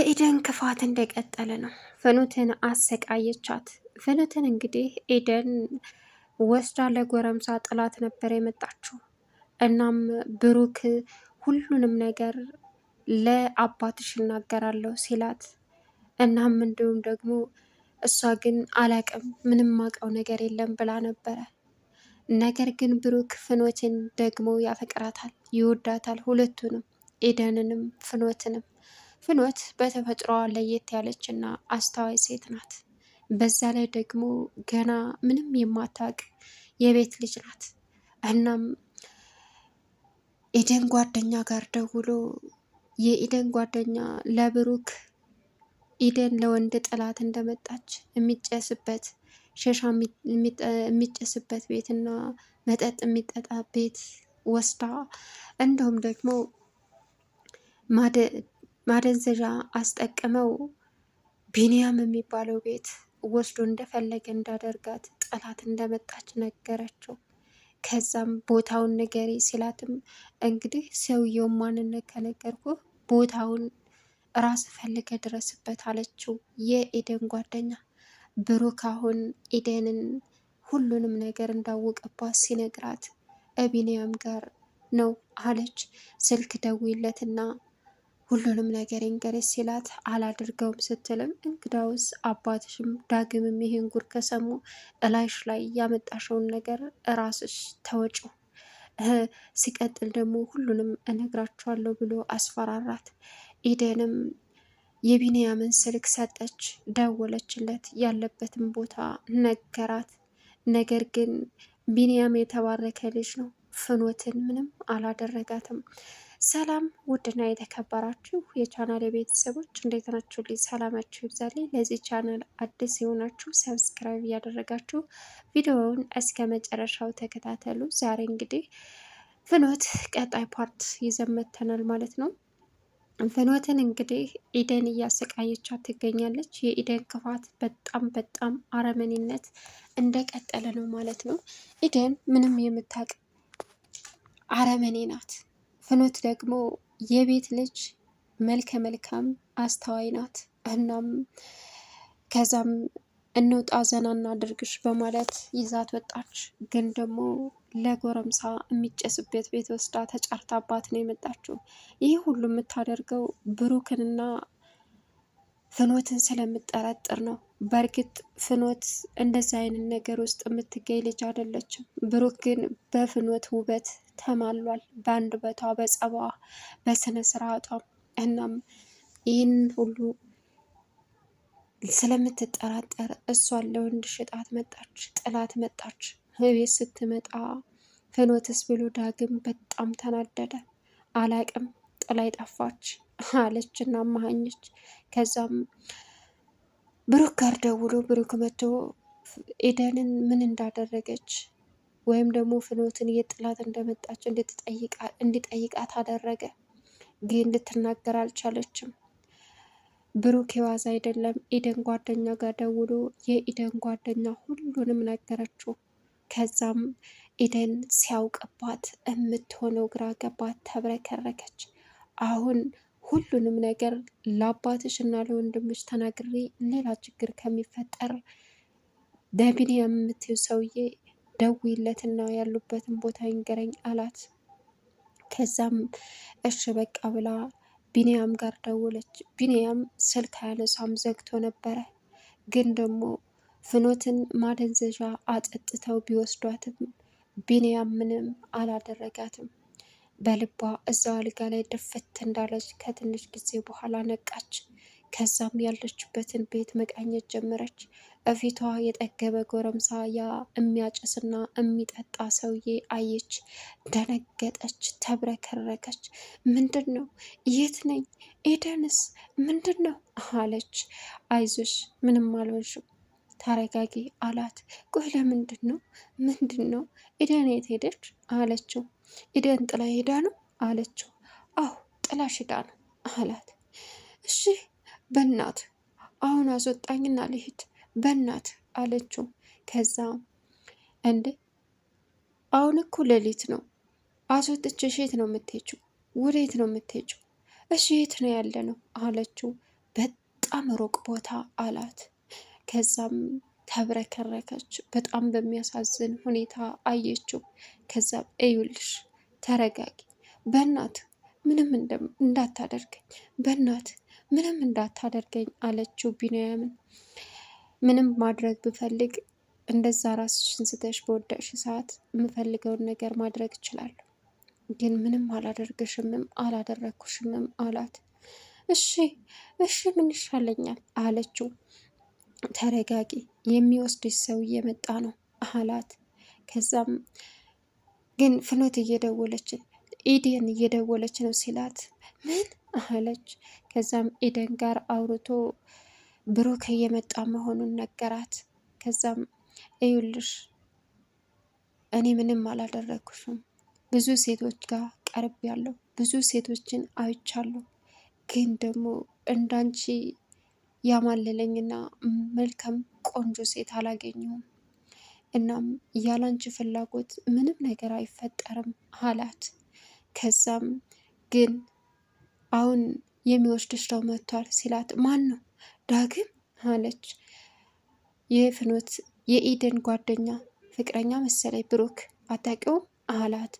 የኢደን ክፋት እንደቀጠለ ነው። ፍኖትን አሰቃየቻት። ፍኑትን እንግዲህ ኢደን ወስዳ ለጎረምሳ ጥላት ነበር የመጣችው። እናም ብሩክ ሁሉንም ነገር ለአባትሽ እናገራለሁ ሲላት እናም እንዲሁም ደግሞ እሷ ግን አላቅም ምንም ማውቀው ነገር የለም ብላ ነበረ። ነገር ግን ብሩክ ፍኖትን ደግሞ ያፈቅራታል፣ ይወዳታል። ሁለቱንም ኢደንንም ፍኖትንም ፍኖት በተፈጥሯ ለየት ያለች እና አስተዋይ ሴት ናት። በዛ ላይ ደግሞ ገና ምንም የማታውቅ የቤት ልጅ ናት። እናም ኢደን ጓደኛ ጋር ደውሎ የኢደን ጓደኛ ለብሩክ ኢደን ለወንድ ጠላት እንደመጣች የሚጨስበት ሸሻ የሚጨስበት ቤትና መጠጥ የሚጠጣ ቤት ወስዳ እንዲሁም ደግሞ ማደንዘዣ አስጠቅመው ቢንያም የሚባለው ቤት ወስዶ እንደፈለገ እንዳደርጋት ጠላት እንደመጣች ነገረችው። ከዛም ቦታውን ንገሪ ሲላትም እንግዲህ ሰውየውን ማንነት ከነገርኩ ቦታውን ራስ ፈልገ ድረስበት አለችው። የኤደን ጓደኛ ብሩክ አሁን ኤደንን ሁሉንም ነገር እንዳወቀባት ሲነግራት እቢንያም ጋር ነው አለች። ስልክ ደውይለትና ሁሉንም ነገር ይንገረኝ ሲላት አላድርገውም ስትልም እንግዳውስ አባትሽም ዳግምም ይሄን ጉድ ከሰሙ እላይሽ ላይ ያመጣሸውን ነገር እራስሽ ተወጪው ሲቀጥል ደግሞ ሁሉንም እነግራችኋለሁ ብሎ አስፈራራት። ኢደንም የቢንያምን ስልክ ሰጠች፣ ደወለችለት፣ ያለበትን ቦታ ነገራት። ነገር ግን ቢንያም የተባረከ ልጅ ነው፣ ፍኖትን ምንም አላደረጋትም። ሰላም ውድና የተከበራችሁ የቻናል የቤተሰቦች እንዴት ናችሁ? ልጅ ሰላማችሁ ይብዛልኝ። ለዚህ ቻናል አዲስ የሆናችሁ ሰብስክራይብ እያደረጋችሁ ቪዲዮውን እስከ መጨረሻው ተከታተሉ። ዛሬ እንግዲህ ፍኖት ቀጣይ ፓርት ይዘመተናል ማለት ነው። ፍኖትን እንግዲህ ኢደን እያሰቃየቻት ትገኛለች። የኢደን ክፋት በጣም በጣም አረመኔነት እንደቀጠለ ነው ማለት ነው። ኢደን ምንም የምታውቅ አረመኔ ናት። ፍኖት ደግሞ የቤት ልጅ መልከ መልካም አስተዋይ ናት። እናም ከዛም እንውጣ ዘና እናድርግሽ በማለት ይዛት ወጣች። ግን ደግሞ ለጎረምሳ የሚጨስበት ቤት ወስዳ ተጫርታ አባት ነው የመጣችው። ይህ ሁሉ የምታደርገው ብሩክንና ፍኖትን ስለምጠረጥር ነው። በእርግጥ ፍኖት እንደዚ አይነት ነገር ውስጥ የምትገኝ ልጅ አይደለችም። ብሩክ ግን በፍኖት ውበት ተማሏል። በአንድ በአንደበቷ፣ በጸባዋ፣ በስነ ስርዓቷ እናም ይህን ሁሉ ስለምትጠራጠር እሷን ለወንድ ሽጣት መጣች፣ ጥላት መጣች። እቤት ስትመጣ ፍኖትስ ብሎ ዳግም በጣም ተናደደ። አላቅም ጥላይ ጠፋች አለች እና ማሀኘች። ከዛም ብሩክ ጋር ደውሎ ብሩክ መቶ ኤደንን ምን እንዳደረገች ወይም ደግሞ ፍኖትን የጥላት ጥላት እንደመጣች እንዲጠይቃት አደረገ። ግን ልትናገር አልቻለችም። ብሩክ የዋዛ አይደለም። ኢደን ጓደኛ ጋር ደውሎ የኢደን ጓደኛ ሁሉንም ነገረችው። ከዛም ኢደን ሲያውቅባት የምትሆነው ግራ ገባት፣ ተብረከረከች። አሁን ሁሉንም ነገር ለአባትሽ እና ለወንድምሽ ተናግሬ ሌላ ችግር ከሚፈጠር ደቢን የምትይው ሰውዬ ደውይለትና ያሉበትን ቦታ ይንገረኝ አላት። ከዛም እሺ በቃ ብላ ቢንያም ጋር ደወለች። ቢንያም ስልክ አያነሳም ዘግቶ ነበረ። ግን ደግሞ ፍኖትን ማደንዘዣ አጠጥተው ቢወስዷትም ቢንያም ምንም አላደረጋትም። በልቧ እዛው አልጋ ላይ ድፍት እንዳለች ከትንሽ ጊዜ በኋላ ነቃች። ከዛም ያለችበትን ቤት መቃኘት ጀመረች። በፊቷ የጠገበ ጎረምሳ ያ የሚያጨስና የሚጠጣ ሰውዬ አየች። ደነገጠች፣ ተብረከረከች። ምንድን ነው? የት ነኝ? ኤደንስ ምንድን ነው አለች። አይዞሽ፣ ምንም አልሆንሽም፣ ታረጋጊ አላት። ቆይ ለምንድን ነው ምንድን ነው? ኢደን የት ሄደች አለችው። ኢደን ጥላ ሄዳ ነው አለችው። አሁ ጥላሽ ሄዳ ነው አላት። እሺ በእናት አሁን አስወጣኝና ልሂድ በእናት አለችው። ከዛ እንዴ አሁን እኮ ሌሊት ነው፣ አስወጥቼሽ የት ነው የምትሄጂው? ወዴት ነው የምትሄጂው? እሺ የት ነው ያለ ነው አለችው። በጣም ሩቅ ቦታ አላት። ከዛም ተብረከረከች። በጣም በሚያሳዝን ሁኔታ አየችው። ከዛም እዩልሽ፣ ተረጋጊ በእናት ምንም እንዳታደርገኝ፣ በእናት ምንም እንዳታደርገኝ አለችው ቢንያምን ምንም ማድረግ ብፈልግ እንደዛ ራስሽን ስተሽ በወደቅሽ ሰዓት የምፈልገውን ነገር ማድረግ እችላለሁ፣ ግን ምንም አላደርግሽምም አላደረግኩሽምም አላት። እሺ እሺ ምን ይሻለኛል አለችው። ተረጋጊ፣ የሚወስድሽ ሰው እየመጣ ነው አላት። ከዛም ግን ፍኖት እየደወለች ኢደን እየደወለች ነው ሲላት ምን አለች። ከዛም ኢደን ጋር አውርቶ ብሩክ እየመጣ መሆኑን ነገራት። ከዛም እዩልሽ እኔ ምንም አላደረግኩሽም። ብዙ ሴቶች ጋር ቀርብ ያለው ብዙ ሴቶችን አይቻለሁ፣ ግን ደግሞ እንዳንቺ ያማለለኝና መልካም ቆንጆ ሴት አላገኘሁም። እናም ያላንቺ ፍላጎት ምንም ነገር አይፈጠርም አላት። ከዛም ግን አሁን የሚወስድሽ ሰው መጥቷል ሲላት ማን ነው ዳግም አለች። የፍኖት የኢደን ጓደኛ ፍቅረኛ መሰለኝ ብሩክ አታውቂውም አላት።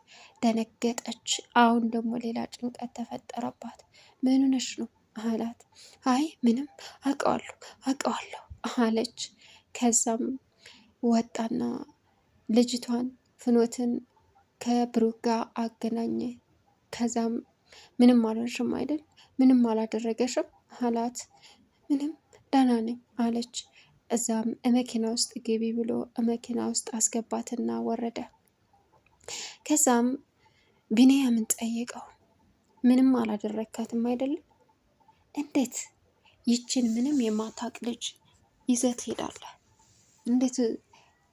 ደነገጠች። አሁን ደግሞ ሌላ ጭንቀት ተፈጠረባት። ምን ሆነሽ ነው አላት። አይ ምንም አውቀዋለሁ አውቀዋለሁ አለች። ከዛም ወጣና ልጅቷን ፍኖትን ከብሩክ ጋር አገናኘ። ከዛም ምንም አልሆንሽም አይደል? ምንም አላደረገሽም አላት። ምንም ደህና ነኝ አለች። እዛም መኪና ውስጥ ግቢ ብሎ መኪና ውስጥ አስገባትና ወረደ። ከዛም ቢንያምን ጠየቀው። ምንም አላደረግካትም አይደለም? እንዴት ይችን ምንም የማታቅ ልጅ ይዘት ትሄዳለህ? እንዴት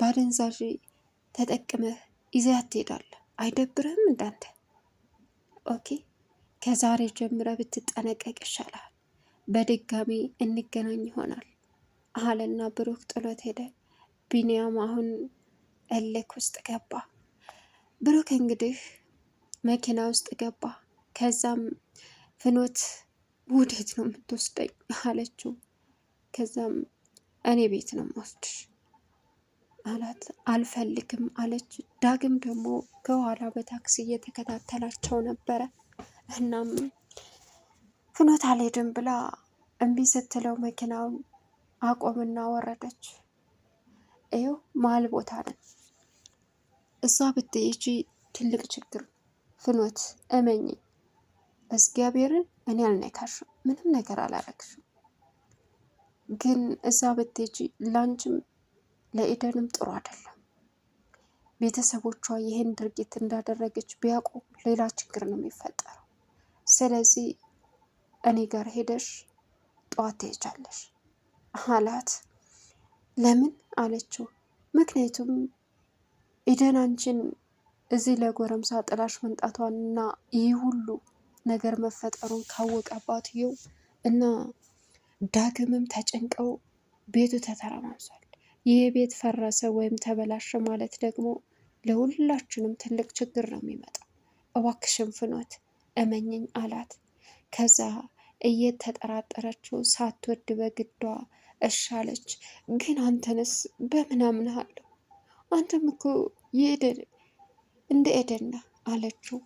ባደንዛዥ ተጠቅመህ ይዘት ትሄዳለህ? አይደብርህም እንዳንተ? ኦኬ ከዛሬ ጀምረ ብትጠነቀቅ ይሻላል በድጋሚ እንገናኝ ይሆናል አለና ብሩክ ጥሎት ሄደ። ቢንያም አሁን እልክ ውስጥ ገባ። ብሩክ እንግዲህ መኪና ውስጥ ገባ። ከዛም ፍኖት ውዴት ነው የምትወስደኝ አለችው። ከዛም እኔ ቤት ነው የምወስድሽ አላት። አልፈልግም አለች። ዳግም ደግሞ ከኋላ በታክሲ እየተከታተላቸው ነበረ እናም ፍኖት አልሄድም ብላ እምቢ ስትለው መኪናውን አቆምና ወረደች። ይኸው መሀል ቦታ ነን። እሷ ብትሄጂ ትልቅ ችግር ፍኖት፣ እመኝ እግዚአብሔርን እኔ አልነካሽም፣ ምንም ነገር አላረግሽም። ግን እዛ ብትሄጂ ላንችም ለኢደንም ጥሩ አይደለም። ቤተሰቦቿ ይህን ድርጊት እንዳደረገች ቢያውቁ ሌላ ችግር ነው የሚፈጠረው። ስለዚህ እኔ ጋር ሄደሽ ጠዋት ትሄጃለሽ አላት። ለምን አለችው። ምክንያቱም ኢደን አንቺን እዚህ ለጎረምሳ ጥላሽ መምጣቷንና ይህ ሁሉ ነገር መፈጠሩን ካወቀ አባትየው እና ዳግምም ተጨንቀው ቤቱ ተተረማምሷል። ይህ ቤት ፈረሰ ወይም ተበላሸ ማለት ደግሞ ለሁላችንም ትልቅ ችግር ነው የሚመጣው። እባክሽን ፍኖት እመኝኝ አላት። ከዛ እየተጠራጠረችው ሳትወድ በግዷ እሻለች። ግን አንተንስ በምናምን አለው አንተም እኮ የኤደን እንደ ኤደና አለችው።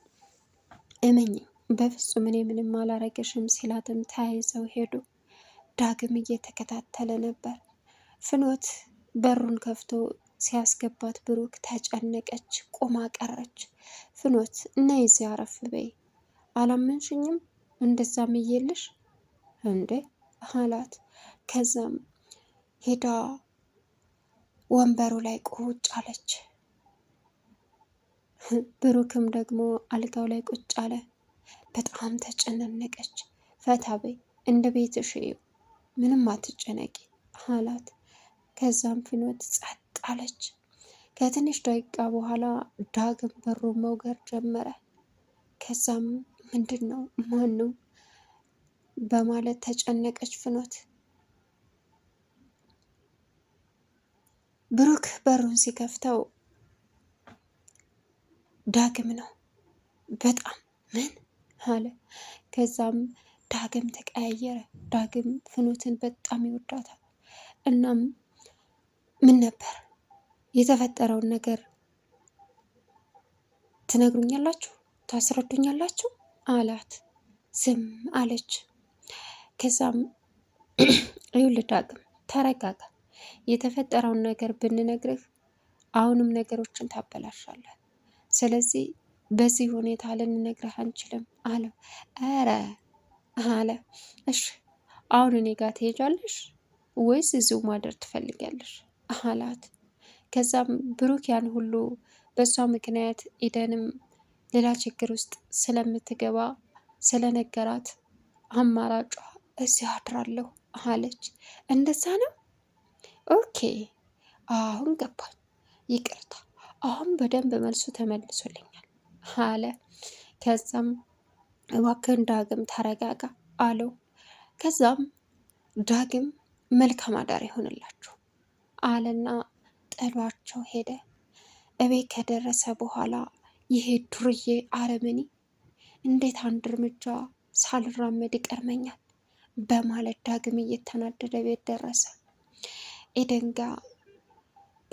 እመኝ በፍጹም እኔ ምንም አላረገሽም ሲላትም ተያይዘው ሄዱ። ዳግም እየተከታተለ ነበር። ፍኖት በሩን ከፍቶ ሲያስገባት ብሩክ ተጨነቀች፣ ቁማ ቀረች። ፍኖት ነይ እዚህ አረፍ በይ አላመንሽኝም እንደዛ ምየልሽ እንዴ አላት። ከዛም ሄዳ ወንበሩ ላይ ቁጭ አለች። ብሩክም ደግሞ አልጋው ላይ ቁጭ አለ። በጣም ተጨነነቀች። ፈታ በይ እንደ ቤትሽ ምንም አትጨነቂ አላት። ከዛም ፍኖት ጸጥ አለች። ከትንሽ ደቂቃ በኋላ ዳግም በሩ መውገር ጀመረ። ከዛም ምንድን ነው ማን ነው በማለት ተጨነቀች ፍኖት። ብሩክ በሩን ሲከፍተው ዳግም ነው። በጣም ምን አለ። ከዛም ዳግም ተቀያየረ። ዳግም ፍኖትን በጣም ይወዳታል። እናም ምን ነበር የተፈጠረውን ነገር ትነግሩኛላችሁ? ታስረዱኛላችሁ? አላት። ዝም አለች። ከዛም ይኸውልህ ዳግም ተረጋጋ፣ የተፈጠረውን ነገር ብንነግርህ አሁንም ነገሮችን ታበላሻለህ ስለዚህ በዚህ ሁኔታ ልንነግርህ አንችልም አለው። ኧረ አለ። እሺ አሁን እኔ ጋር ትሄጃለሽ ወይስ እዚሁ ማደር ትፈልጊያለሽ? አላት። ከዛም ብሩክ ያን ሁሉ በእሷ ምክንያት ኢደንም ሌላ ችግር ውስጥ ስለምትገባ ስለነገራት አማራጯ እዚ አድራለሁ አለች። እንደዛ ነው ኦኬ፣ አሁን ገባኝ፣ ይቅርታ፣ አሁን በደንብ መልሱ ተመልሶልኛል አለ። ከዛም እባክህን ዳግም ተረጋጋ አለው። ከዛም ዳግም መልካም አዳር ይሆንላችሁ አለና ጥሏቸው ሄደ። እቤት ከደረሰ በኋላ ይሄ ዱርዬ አረመኔ እንዴት አንድ እርምጃ ሳልራመድ ይቀርመኛል በማለት ዳግም እየተናደደ ቤት ደረሰ። ኤደን ጋ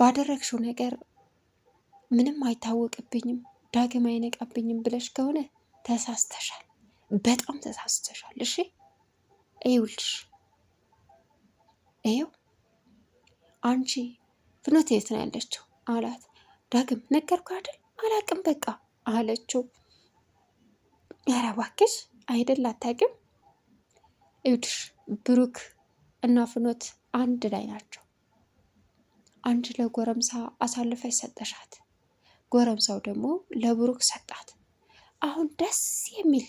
ባደረግሽው ነገር ምንም አይታወቅብኝም ዳግም አይነቃብኝም ብለሽ ከሆነ ተሳስተሻል፣ በጣም ተሳስተሻል። እሺ ይውልሽ ይው አንቺ ፍኖት የት ነው ያለችው አላት። ዳግም ነገርኩ አይደል አላቅም በቃ አለችው። ኧረ እባክሽ አይደል አታውቂም? ብሩክ እና ፍኖት አንድ ላይ ናቸው። አንድ ለጎረምሳ አሳልፈሽ ሰጠሻት፣ ጎረምሳው ደግሞ ለብሩክ ሰጣት። አሁን ደስ የሚል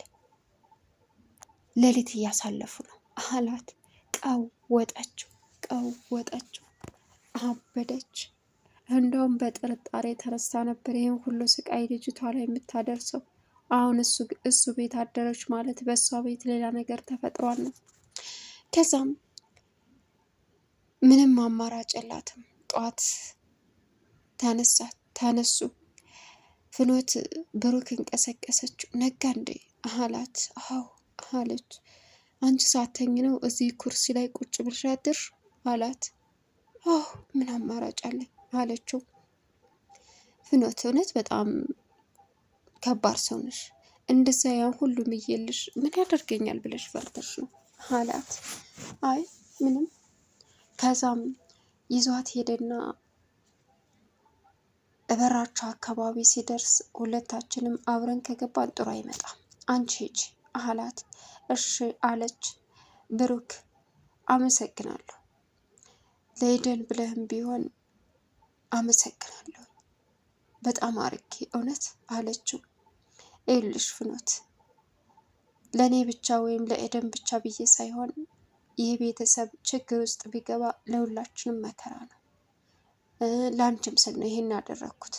ሌሊት እያሳለፉ ነው አላት። ቀወጠችው ቀወጠችው፣ አበደች። እንደውም በጥርጣሬ ተነስታ ነበር ይህን ሁሉ ስቃይ ልጅቷ ላይ የምታደርሰው። አሁን እሱ ቤት አደረች ማለት በእሷ ቤት ሌላ ነገር ተፈጥሯል ነው። ከዛም ምንም አማራጭ የላትም። ጠዋት ተነሳ ተነሱ። ፍኖት ብሩክ እንቀሰቀሰችው። ነጋ እንዴ አላት። አዎ አለች። አንቺ ሳተኝ ነው እዚህ ኩርሲ ላይ ቁጭ ብልሻድር አድር አላት። አዎ ምን አማራጭ አለኝ አለችው። ፍኖት እውነት በጣም ከባድ ሰው ነሽ። እንደዛ ያን ሁሉ ምዬልሽ ምን ያደርገኛል ብለሽ ፈርተሽ ነው አላት። አይ ምንም። ከዛም ይዟት ሄደና እበራቸው አካባቢ ሲደርስ ሁለታችንም አብረን ከገባን ጥሩ አይመጣም፣ አንቺ ሂጂ አላት። እሺ አለች። ብሩክ አመሰግናለሁ ለሄደን ብለህም ቢሆን አመሰግናለሁ በጣም አርጌ እውነት አለችው። ይኸውልሽ ፍኖት ለእኔ ብቻ ወይም ለኤደን ብቻ ብዬ ሳይሆን ይህ ቤተሰብ ችግር ውስጥ ቢገባ ለሁላችንም መከራ ነው። ለአንቺም ስል ነው ይሄን ያደረግኩት።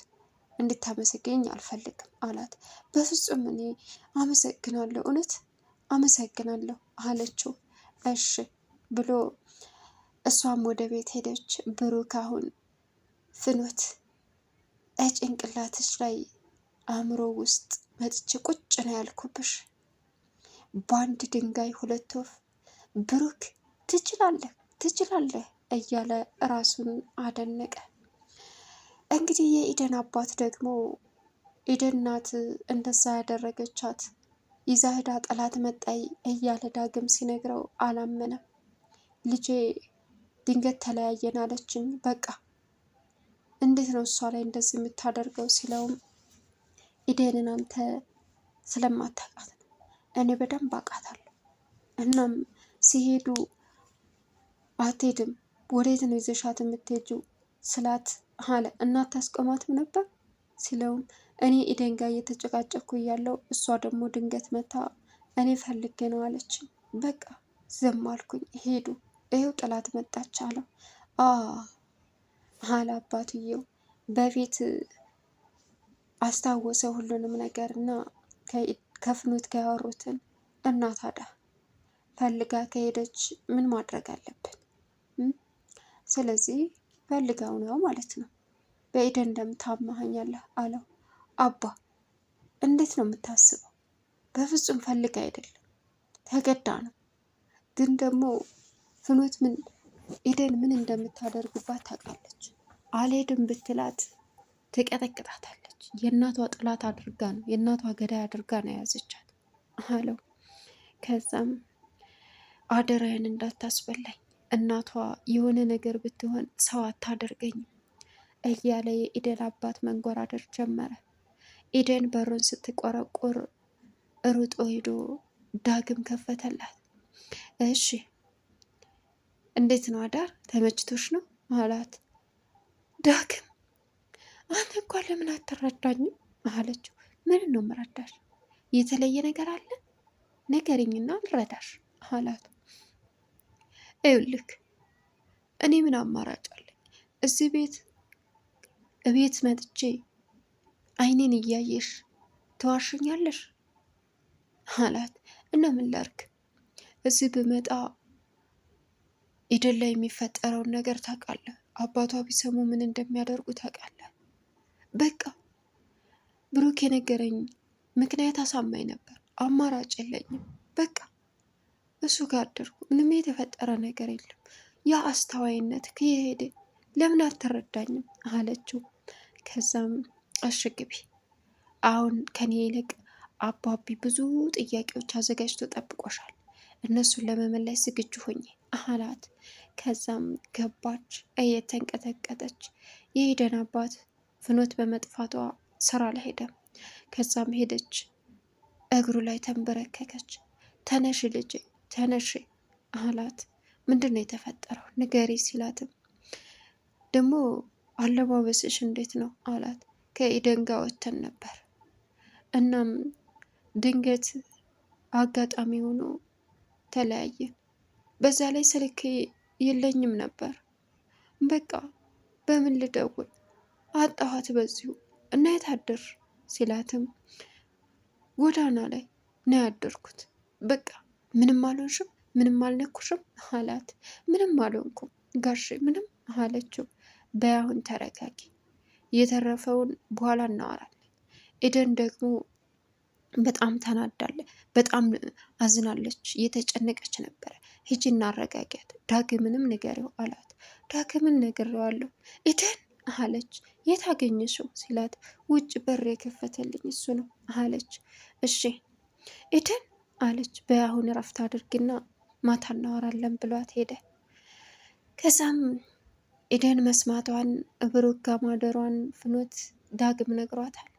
እንድታመሰግኝ አልፈልግም አላት። በፍጹም እኔ አመሰግናለሁ፣ እውነት አመሰግናለሁ አለችው። እሺ ብሎ እሷም ወደ ቤት ሄደች። ብሩክ አሁን ፍኖት እጭንቅላትሽ ላይ አእምሮ ውስጥ መጥቼ ቁጭ ነው ያልኩብሽ። በአንድ ድንጋይ ሁለት ወፍ፣ ብሩክ ትችላለህ፣ ትችላለህ እያለ ራሱን አደነቀ። እንግዲህ የኢደን አባት ደግሞ ኢደን ናት እንደዛ ያደረገቻት ይዛህዳ ጠላት መጣይ እያለ ዳግም ሲነግረው አላመነም። ልጄ ድንገት ተለያየን አለችኝ በቃ እንዴት ነው እሷ ላይ እንደዚህ የምታደርገው ሲለውም ኢዴንን አንተ ስለማታውቃት ነው እኔ በደንብ አውቃታለሁ። እናም ሲሄዱ አትሄድም፣ ወዴት ነው ይዘሻት የምትሄጂው ስላት አለ እና ታስቆማትም ነበር ሲለውም እኔ ኢዴን ጋር እየተጨቃጨኩ እያለው እሷ ደግሞ ድንገት መታ እኔ ፈልጌ ነው አለች። በቃ ዘማልኩኝ ሄዱ። ይሄው ጥላት መጣች አለው። አለ አባትየው። በፊት አስታወሰ ሁሉንም ነገር እና ከፍኖት ጋር ያወሩትን እና ታዲያ ፈልጋ ከሄደች ምን ማድረግ አለብን? ስለዚህ ፈልጋው ነው ማለት ነው። በኢደን እንደምታማኸኛለህ አለው። አባ እንዴት ነው የምታስበው? በፍጹም ፈልጋ አይደለም ተገዳ ነው። ግን ደግሞ ፍኖት ምን ኢደን ምን እንደምታደርጉባት ታውቃለች። አልሄድም ብትላት ትቀጠቅጣታለች። የእናቷ ጥላት አድርጋ ነው የእናቷ ገዳይ አድርጋ ነው የያዘቻት አለው። ከዛም አደራዬን እንዳታስበላኝ እናቷ የሆነ ነገር ብትሆን ሰው አታደርገኝም እያለ የኢደን አባት መንጎራደር ጀመረ። ኢደን በሩን ስትቆረቁር ሩጦ ሄዶ ዳግም ከፈተላት። እሺ እንዴት ነው አዳር ተመችቶሽ ነው አላት። ዳግም አንተ እንኳ ለምን አትረዳኝም አለችው። ምን ነው ምረዳሽ? የተለየ ነገር አለ ነገርኝና ልረዳሽ አላት። ይኸውልህ እኔ ምን አማራጭ አለኝ? እዚህ ቤት እቤት መጥቼ አይኔን እያየሽ ተዋሽኛለሽ አላት። እና ምን ላድርግ እዚህ ብመጣ ኢድን ላይ የሚፈጠረውን ነገር ታውቃለህ። አባቷ ቢሰሙ ምን እንደሚያደርጉ ታውቃለህ። በቃ ብሩክ የነገረኝ ምክንያት አሳማኝ ነበር። አማራጭ የለኝም። በቃ እሱ ጋር አደርኩ። ምንም የተፈጠረ ነገር የለም። ያ አስተዋይነት ከየሄደ ለምን አልተረዳኝም? አለችው። ከዛም አሽግቢ አሁን ከኔ ይልቅ አባቢ ብዙ ጥያቄዎች አዘጋጅቶ ጠብቆሻል። እነሱን ለመመለስ ዝግጁ ሆኜ አላት። ከዛም ገባች እየተንቀጠቀጠች። የሄደን አባት ፍኖት በመጥፋቷ ስራ አልሄደም። ከዛም ሄደች እግሩ ላይ ተንበረከከች። ተነሽ ልጅ ተነሽ አላት። ምንድን ነው የተፈጠረው ንገሪ ሲላትም ደግሞ አለባበስሽ እንዴት ነው አላት። ከኢደን ጋር ወተን ነበር። እናም ድንገት አጋጣሚ ሆኖ ተለያየ። በዛ ላይ ስልክ የለኝም ነበር። በቃ በምን ልደውል አጣኋት በዚሁ እና የት አደር ሲላትም ጎዳና ላይ ነው ያደርኩት። በቃ ምንም አልሆንሽም፣ ምንም አልነኩሽም አላት። ምንም አልሆንኩም ጋሽ ምንም አለችው። በይ አሁን ተረጋጊ፣ የተረፈውን በኋላ እናወራለን። ኤደን ደግሞ በጣም ተናዳለ። በጣም አዝናለች፣ እየተጨነቀች ነበረ። ሂጂ እናረጋጊያት፣ ዳግምንም ንገሪው አላት። ዳግምን ዋለሁ ኢደን አለች። የት አገኘሽው ሲላት ውጭ በር የከፈተልኝ እሱ ነው አለች። እሺ ኢደን አለች። በአሁን እረፍት አድርግና ማታ እናወራለን ብሏት ሄደ። ከዛም ኢደን መስማቷን ብሩክ ማደሯን ፍኖት ዳግም ነግሯታል።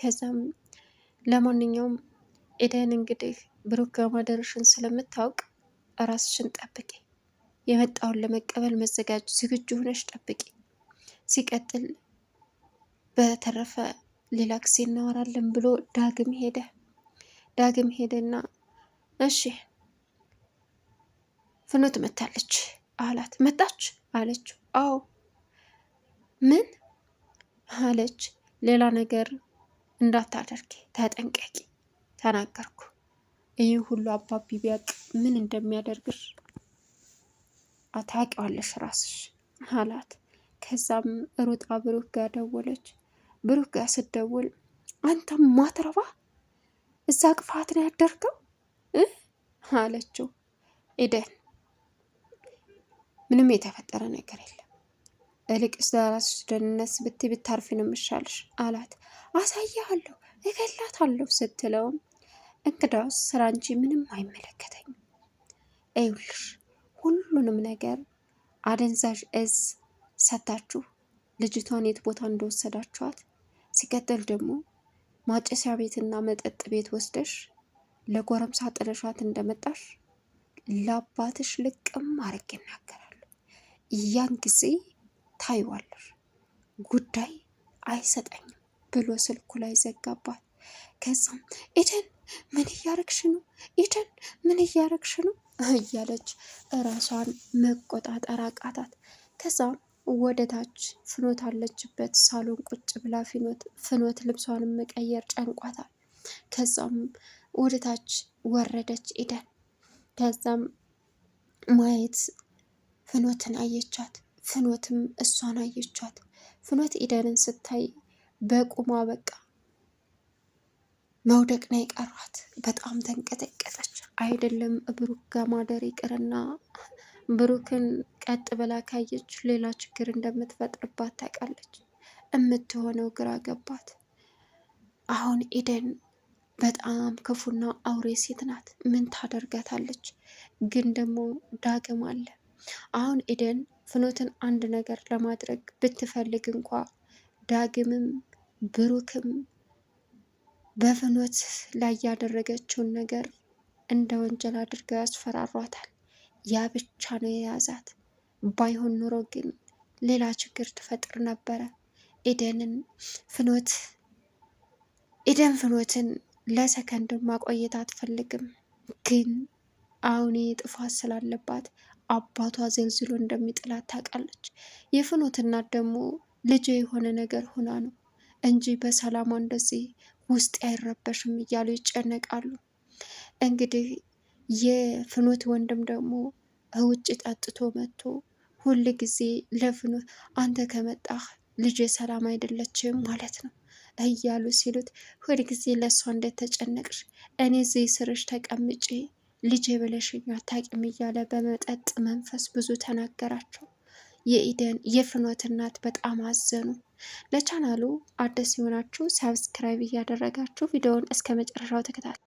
ከዛም ለማንኛውም ኤደን እንግዲህ ብሩክ ማደርሽን ስለምታውቅ ራስሽን ጠብቂ፣ የመጣውን ለመቀበል መዘጋጅ ዝግጁ ሆነሽ ጠብቂ። ሲቀጥል በተረፈ ሌላ ጊዜ እናወራለን ብሎ ዳግም ሄደ። ዳግም ሄደና እሺ ፍኖት መታለች አላት። መጣች አለችው። አዎ ምን አለች? ሌላ ነገር እንዳታደርጊ ተጠንቀቂ ተናገርኩ። ይህ ሁሉ አባቢ ቢያቅ ምን እንደሚያደርግሽ ታውቂዋለሽ ራስሽ አላት። ከዛም ሩጣ ብሩክ ጋር ደወለች። ብሩክ ጋር ስደውል አንተም ማትረባ እዛ ቅፋት ነው ያደርገው አለችው። ኢደን ምንም የተፈጠረ ነገር የለም እልቅ ለራስሽ ደህንነት ብትይ ብታርፊ ነው የምሻልሽ አላት። አሳያለሁ፣ እገላታለሁ ስትለውም እንግዳውስ ስራ እንጂ ምንም አይመለከተኝም። ይኸውልሽ ሁሉንም ነገር አደንዛዥ እዝ ሰታችሁ ልጅቷን የት ቦታ እንደወሰዳችኋት፣ ሲቀጥል ደግሞ ማጨሻ ቤትና መጠጥ ቤት ወስደሽ ለጎረምሳ ጥለሻት እንደመጣሽ ለአባትሽ ልቅም አድርጌ እናገራለሁ። ያን ጊዜ ታይዋለር ጉዳይ አይሰጠኝም ብሎ ስልኩ ላይ ዘጋባት። ከዛም ኤደን ምን እያረግሽ ነው? ኤደን ምን እያረግሽ ነው? እያለች እራሷን መቆጣጠር አቃታት። ከዛም ወደ ታች ፍኖት አለችበት ሳሎን ቁጭ ብላ ፍኖት ልብሷንም መቀየር ጨንቋታል። ከዛም ወደ ታች ወረደች ኤደን። ከዛም ማየት ፍኖትን አየቻት። ፍኖትም እሷን አየቻት። ፍኖት ኢደንን ስታይ በቁሟ በቃ መውደቅ ነው የቀራት። በጣም ተንቀጠቀጠች። አይደለም ብሩክ ጋር ማደር ይቅርና ብሩክን ቀጥ ብላ ካየች ሌላ ችግር እንደምትፈጥርባት ታውቃለች። የምትሆነው ግራ ገባት። አሁን ኢደን በጣም ክፉና አውሬ ሴት ናት። ምን ታደርጋታለች? ግን ደግሞ ዳግም አለ አሁን ኢደን ፍኖትን አንድ ነገር ለማድረግ ብትፈልግ እንኳ ዳግምም ብሩክም በፍኖት ላይ ያደረገችውን ነገር እንደ ወንጀል አድርገው ያስፈራሯታል። ያ ብቻ ነው የያዛት። ባይሆን ኑሮ ግን ሌላ ችግር ትፈጥር ነበረ። ኤደንን ፍኖት ኢደን ፍኖትን ለሰከንድ ማቆየት አትፈልግም። ግን አሁን ጥፋት ስላለባት አባቷ ዘልዝሎ እንደሚጥላት ታውቃለች። የፍኖት እናት ደግሞ ልጅ የሆነ ነገር ሆና ነው እንጂ በሰላሟ እንደዚህ ውስጥ አይረበሽም እያሉ ይጨነቃሉ። እንግዲህ የፍኖት ወንድም ደግሞ ውጭ ጠጥቶ መጥቶ ሁል ጊዜ ለፍኖት አንተ ከመጣህ ልጅ ሰላም አይደለችም ማለት ነው እያሉ ሲሉት ሁል ጊዜ ለእሷ እንደተጨነቅሽ እኔ እዚህ ስርሽ ተቀምጬ ልጄ ብለሽኝ አታውቂም እያለ በመጠጥ መንፈስ ብዙ ተናገራቸው። የኢደን የፍኖት እናት በጣም አዘኑ። ለቻናሉ አዲስ የሆናችሁ ሳብስክራይብ እያደረጋችሁ ቪዲዮውን እስከ መጨረሻው ተከታተሉ።